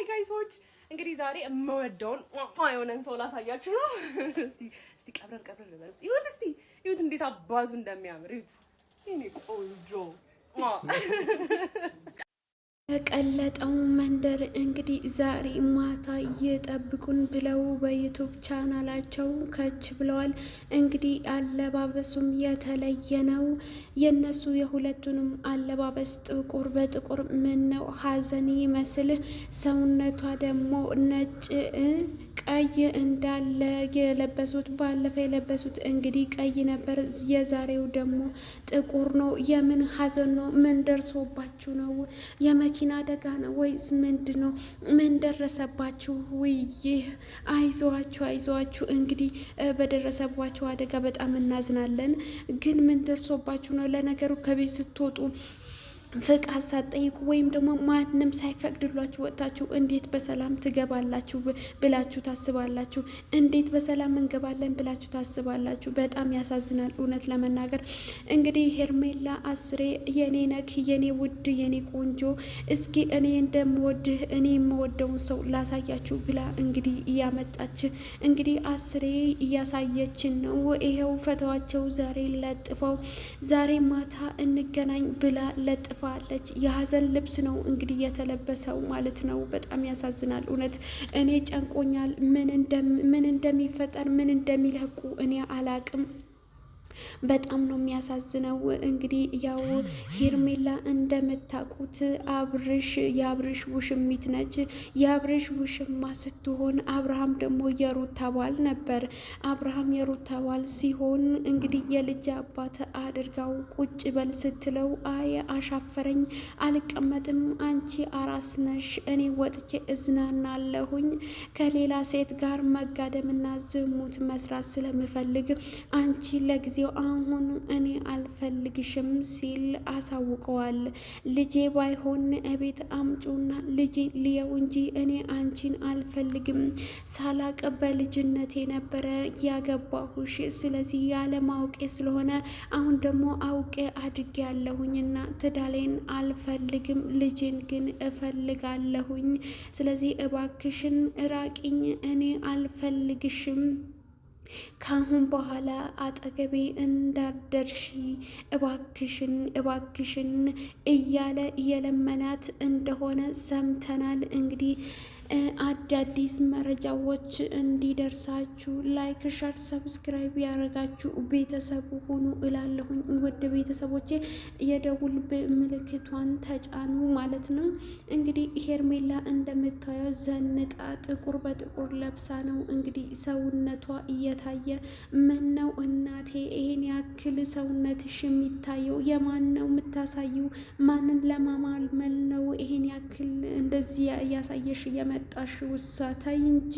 ሀይ ጋይሶች እንግዲህ ዛሬ የምወደውን የሆነን ሰው ላሳያችሁ ነው። እስቲ እስቲ ቀብረር ቀብረር ልበል። ይሁት እስቲ ይሁት እንዴት አባቱ እንደሚያምር ይሁት። ይሄኔ ቆንጆ የቀለጠው መንደር እንግዲህ ዛሬ ማታ እየጠብቁን ብለው በዩቱብ ቻናላቸው ከች ብለዋል። እንግዲህ አለባበሱም የተለየ ነው። የእነሱ የሁለቱንም አለባበስ ጥቁር በጥቁር ምን ነው ሀዘን ይመስል ሰውነቷ ደግሞ ነጭ ቀይ እንዳለ የለበሱት ባለፈ የለበሱት እንግዲህ ቀይ ነበር። የዛሬው ደግሞ ጥቁር ነው። የምን ሀዘን ነው? ምን ደርሶባችሁ ነው? የመኪና አደጋ ነው ወይስ ምንድ ነው? ምን ደረሰባችሁ? ውይህ አይዞዋችሁ፣ አይዞዋችሁ። እንግዲህ በደረሰባችሁ አደጋ በጣም እናዝናለን፣ ግን ምን ደርሶባችሁ ነው? ለነገሩ ከቤት ስትወጡ ፍቃድ ሳትጠይቁ ወይም ደግሞ ማንም ሳይፈቅድሏችሁ ወጥታችሁ እንዴት በሰላም ትገባላችሁ ብላችሁ ታስባላችሁ? እንዴት በሰላም እንገባለን ብላችሁ ታስባላችሁ? በጣም ያሳዝናል። እውነት ለመናገር እንግዲህ ሄርሜላ አስሬ የኔ ነክ የኔ ውድ የኔ ቆንጆ፣ እስኪ እኔ እንደምወድህ እኔ የምወደውን ሰው ላሳያችሁ ብላ እንግዲህ እያመጣች እንግዲህ አስሬ እያሳየችን ነው። ይኸው ፈተዋቸው ዛሬ ለጥፈው ዛሬ ማታ እንገናኝ ብላ ለጥፈ ተርፋለች። የሀዘን ልብስ ነው እንግዲህ የተለበሰው ማለት ነው። በጣም ያሳዝናል። እውነት እኔ ጨንቆኛል። ምን እንደሚፈጠር ምን እንደሚለቁ እኔ አላቅም። በጣም ነው የሚያሳዝነው። እንግዲህ ያው ሄርሜላ እንደምታውቁት አብርሽ የአብርሽ ውሽሚት ነች። የአብርሽ ውሽማ ስትሆን አብርሃም ደግሞ የሩታ ባል ነበር። አብርሃም የሩታ ባል ሲሆን እንግዲህ የልጅ አባት አድርጋው ቁጭ በል ስትለው አይ አሻፈረኝ፣ አልቀመጥም፣ አንቺ አራስ ነሽ፣ እኔ ወጥቼ እዝናናለሁኝ ከሌላ ሴት ጋር መጋደምና ዝሙት መስራት ስለምፈልግ አንቺ ለጊዜ ጊዜው አሁኑ እኔ አልፈልግሽም ሲል አሳውቀዋል። ልጄ ባይሆን እቤት አምጩና ልጅ ልየው እንጂ እኔ አንቺን አልፈልግም። ሳላቅ በልጅነቴ ነበረ ያገባሁሽ። ስለዚህ ያለማውቄ ስለሆነ አሁን ደግሞ አውቄ አድጌ ያለሁኝና ትዳሌን አልፈልግም፣ ልጅን ግን እፈልጋለሁኝ። ስለዚህ እባክሽን ራቂኝ፣ እኔ አልፈልግሽም ከአሁን በኋላ አጠገቤ እንዳደርሺ እባክሽን እባክሽን እያለ እየለመናት እንደሆነ ሰምተናል እንግዲህ አዳዲስ መረጃዎች እንዲደርሳችሁ ላይክ፣ ሸር፣ ሰብስክራይብ ያደረጋችሁ ቤተሰቡ ሆኑ እላለሁኝ። ወደ ቤተሰቦቼ የደውል ምልክቷን ተጫኑ ማለት ነው። እንግዲህ ሄርሜላ እንደምታየው ዘንጣ ጥቁር በጥቁር ለብሳ ነው እንግዲህ ሰውነቷ እየታየ ምን ነው እናቴ ይሄን ያክል ሰውነትሽ የሚታየው የማን ነው የምታሳየው? ማንን ለማማል እንደዚህ እያሳየሽ እየመጣሽ ውሳ ታይ እንጂ